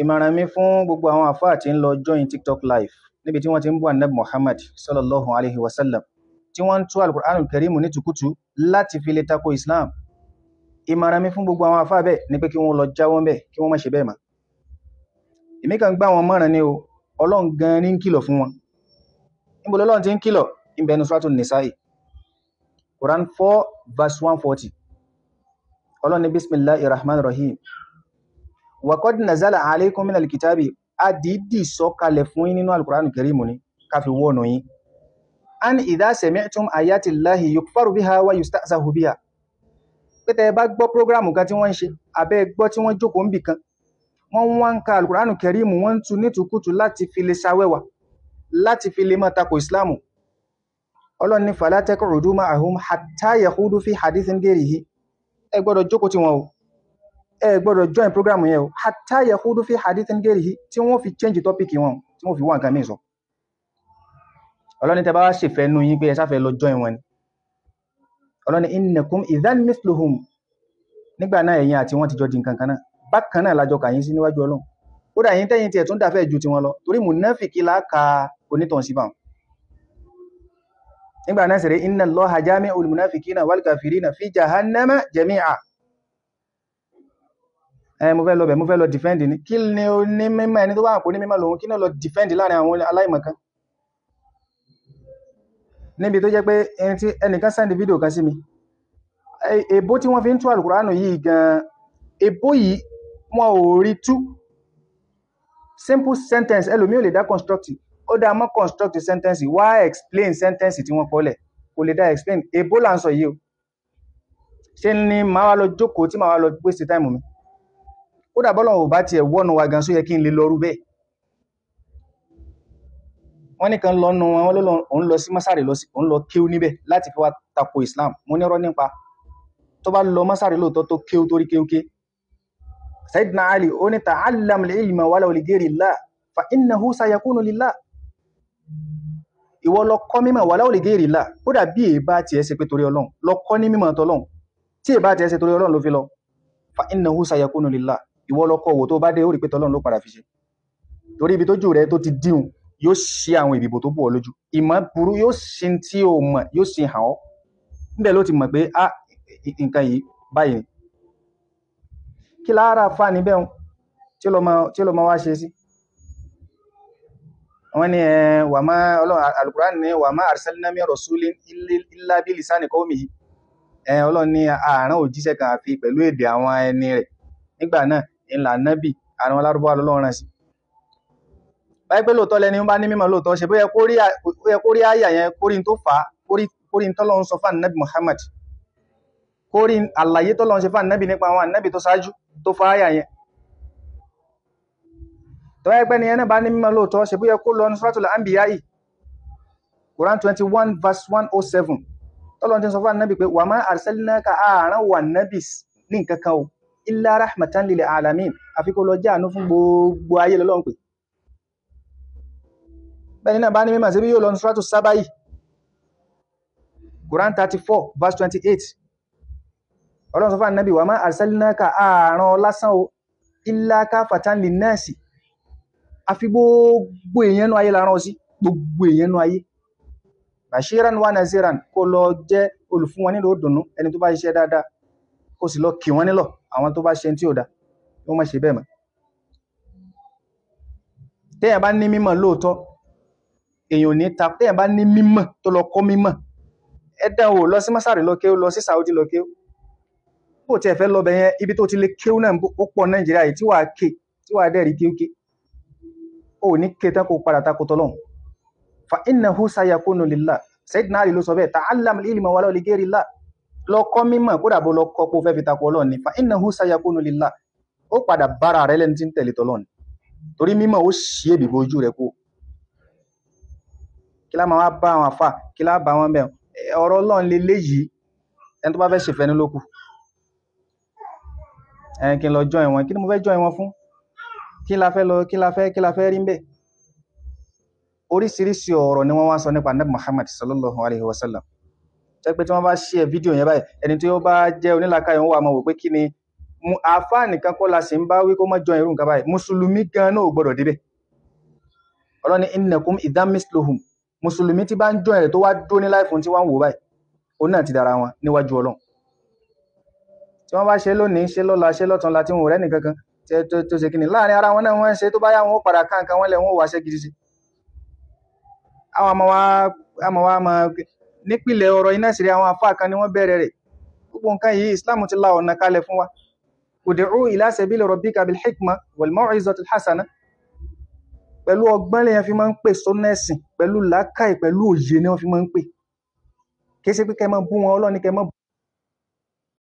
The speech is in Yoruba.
ìmọ̀ràn mi fún gbogbo àwọn àfáà tí ń lọ join tiktok live níbi tí wọ́n ti ń bú anabi muhammad sallallahu alayhi wa sallam tí wọ́n ń tú alukur'anul karimu ní tukutu láti fi lè tako islam ìmọ̀ràn mi fún gbogbo àwọn àfáà bẹ́ẹ̀ ni pé kí wọ́n lọ jáwọ́ bẹ́ẹ̀ kí wọ́n má ṣe bẹ́ẹ̀ mọ́ èmi kan gbá wọn mọ̀ràn ni o ọlọ́run gan ni ń kìlọ̀ fún wọn níbo lọ́lọ́run ti ń kìlọ̀ ìbẹnu suratul nisa'i quran four verse one forty ọlọ́run ní bismillahir rahmanir rahim wakọ́d nazala aleikum minal kitabi adìídì sọ́kalẹ̀ fún yín nínú alukuranu kẹrìmù ni káfí wọ́nà yín an idha sami'tum ayati llahi yukfaru biha wa yusta'zahu biha pẹ́tẹ́ bá gbọ́ prógrámù kan tí wọ́n ń ṣe abẹ́ gbọ́ tí wọ́n jókòó ń bì kan wọ́n wá ń ka alukuranu kẹrìmù wọ́n ń tu nítukùtù láti fi lè sáwẹ́wà láti fi lè máa tako ìsìláàmù ọlọ́run ní fala taq'udu ma'ahum hatta yahudu fi hadithin ghayrihi ẹ gbọ́dọ̀ jókòó tí wọ́n o ẹ gbọ́dọ̀ join program yẹn o hatta yahudu fi hadithin ghairihi tí wọ́n fi change topic wọn tí wọ́n fi wá nǹkan mìíràn sọ ọlọ́ni tẹ bá wá ṣèfẹ́ nu yín pé ẹ sáfẹ́ lọ join wọn ni ọlọ́ni innakum idhan mithluhum nígbà náà ẹ̀yin àti wọ́n ti jọ di nǹkan kan náà bákan náà lájọ kàyín sí níwájú ọlọ́run kódà yín tẹ́yìn tiẹ̀ tún dàfẹ́ ju tiwọn lọ torí mùnáfìkì láka onítàn síbà wọn nígbà náà sì rí inna Allaha jami'ul munafiqina wal kafirina fi jahannama jami'a mo fẹ́ lọ bẹ̀ mo fẹ́ lọ defend ni kí ni o ní mímọ̀ ẹni tó bá kò ní mímọ̀ lòun kí ni lọ defend láàrin àwọn aláìmọ̀kan níbi tó jẹ́ pé ẹnìkan send video. kan sí mi èbó tí wọ́n fi ń tú àlùkùránù yìí gan-an èbó yìí wọn ò rí tú simple sentence ẹlòmí ò lè dá constructive ó dá mọ́ constructive sentence wá explain sentence tí wọ́n kọ́lẹ̀ kò lè dá explain èbó là ń sọ yìí o ṣé ni màá wá lọ jókòó tí màá wá lọ waste time mi kódà bọ́lọ̀ ò bá ti ẹ̀ wọ́nu wa gan só yẹ kí n lè lọ rú bẹ́ẹ̀ wọ́n nìkan lọ nu wọn ló ń lọ sí mọ́sàrì lọ sí òun lọ kéw níbẹ̀ láti fi tako Islam mo ní ọ̀rọ̀ nípa tó bá lọ mọ́sàrì lóòótọ́ tó kéw torí kéwké Sayyidina Ali ó ní ta'allam al-ilma wa law li ghayri Allah fa innahu sayakunu lillah ìwọ lọ kọ́ mímọ̀ wà láwòlè géèrè là kódà bí èèbá ti ẹ́ pé torí ọlọ́run lọ kọ́ ní mímọ̀ tọlọ́run tí èèbá ti ẹ́ torí ọlọ́run ló fi lọ fa innahu sayakunu lillah ìwọ lọ kọ tó bá dé ó rí pé tọlọ́run ló padà fi ṣe torí ibi jù rẹ tó ti díhun yóò ṣe àwọn ìbìbò tó bù ọ lójú ìmọ̀ burú yóò ṣe tí o mọ̀ yóò ṣe hàn ọ́ níbẹ̀ ló ti mọ̀ pé a ah, nǹkan yìí báyìí kí lára fa níbẹ̀ tí ló máa wá ṣe sí ẹ wà má alukuran wà má àárán kan àfi èdè àwọn ẹni nígbà ńlá nábì àwọn lárúbáwá lọ́lọ́run rán sí báyìí pé lóòótọ́ lẹni bá ní mímọ̀ lóòótọ́ ṣe bóyá kó rí àyà yẹn kó rí n tó fà á kó rí n tọ́lọ́run sọ fún ànábì Muhammad kó rí àlàyé tọ́lọ́run ṣe fún ànábì nípa àwọn ànábì tó ṣáájú tó fà áyà yẹn tó báyìí ni ẹni bá ní mímọ̀ lóòótọ́ ṣe bóyá kó lọ ní Suratul Anbiya Quran twenty one verse one oh seven tọ́lọ́run ti sọ fún ànábì pé wàmá arsalnaka àárán wà nábì ní nǹkan kan o illa rahmatan lil alamin àfi kó lọ jẹ́ àánú fún gbogbo ayé lọ́lọ́run pé bẹ́ẹ̀ nínú bá ní mímọ̀ sí bí yóò lọ nusratu sábàyì Quran 34 verse 28 ọlọ́run sọ fún ànábì wà má arsalnaka ààrùn lásán o illa kafatan linnasi àfi gbogbo èèyàn nú ayé láràn sí gbogbo èèyàn nú ayé bashiran wa naziran kó lọ jẹ́ olùfún nílò òdùnnú ẹni tó bá ṣiṣẹ́ dáadáa kó sì lọ kì wọ́n nílọ̀ àwọn tó bá ṣe tí ò da wọ́n má ṣe bẹ́ẹ̀ mọ́ téèyàn bá ní mímọ̀ lóòótọ́ èèyàn ò ní ta téèyàn bá ní mímọ̀ tó lọ kọ́ mímọ̀ ẹ dán o lọ sí mọ́sàrì lọ kéwú lọ sí Saudi lọ kéwú bó tiẹ̀ fẹ́ lọ bẹ̀ yẹn ibi tó ti lè kéwú náà ó pọ̀ Nàìjíríà yìí tí wàá ké tí wàá dẹ́rìí kéwúké ó ní ké tán kó padà ta kó tọ́lọ́hún fa innahu sayakunu lillah Sayyidina ló sọ bẹ́ẹ̀ ta'allam al-ilma walaw li lọ kọ́ mímọ̀ kódà bó lọ kọ́ pé o fẹ́ fi takò ọlọ́run ní fa innahu sayakunu lillah ó padà bára rẹ lẹ́ni tí ń tẹ̀lé tọ́lọ́run torí mímọ̀ ó ṣí èbìbò ojú rẹ kú kí lá máa bá àwọn àfà kí lá bá wọn bẹ̀ ọ̀rọ̀ ọlọ́run leléyìí ẹni tó bá fẹ́ ṣèfẹ́ ní lókù ẹni kí n lọ join wọn kí ni mo fẹ́ join wọn fún kí la fẹ́ lọ kí la fẹ́ kí la fẹ́ rí ń bẹ̀ oríṣiríṣi ọ̀rọ̀ ni wọ́n wá sọ nípa nabi Muhammad sallallahu alayhi wa sallam jẹ́ pé tí wọ́n bá share fídíò yẹn báyìí ẹni tí ó bá jẹ́ onílàkàyè wọn wà máa wò pé kí ni àáfàá nìkan kọ́ la sì ń bá wí kó mọ́ jọ irú nǹkan báyìí mùsùlùmí gan náà ò gbọ́dọ̀ débẹ̀ ọlọ́ni innakum idhan misluhum mùsùlùmí tí bá ń jọ ẹ̀rẹ̀ tó wá dó ní láìfún tí wọ́n ń wò báyìí òun náà ti dára wọn níwájú ọlọ́run tí wọ́n bá ṣe lónìí ṣe lọ́la ṣe lọ́tún la tí wọn ò rẹ́ nìkan kan tó ṣe kíni láàrin ara wọn náà wọ́n ń ṣe tó bá yá wọn ó padà káàkan wọn lẹ̀ wọn ò wáṣẹ́ gidi ṣe àwọn ọmọ wa nípìnlẹ̀ ọ̀rọ̀ iná sì rí àwọn afá kan ni wọ́n bẹ̀rẹ̀ rẹ̀ gbogbo nǹkan yìí islam ti la ọ̀nà kalẹ̀ fún wa ud'u ila sabili rabbika bil hikma wal maw'izatil hasana pẹ̀lú ọgbọ́n lèèyàn fi máa ń pè sọ́nẹ́sìn pẹ̀lú làákàì pẹ̀lú òye ni wọ́n fi máa ń pè kí ṣe pé kẹ́ máa bú wọn ọlọ́ni kẹ́ máa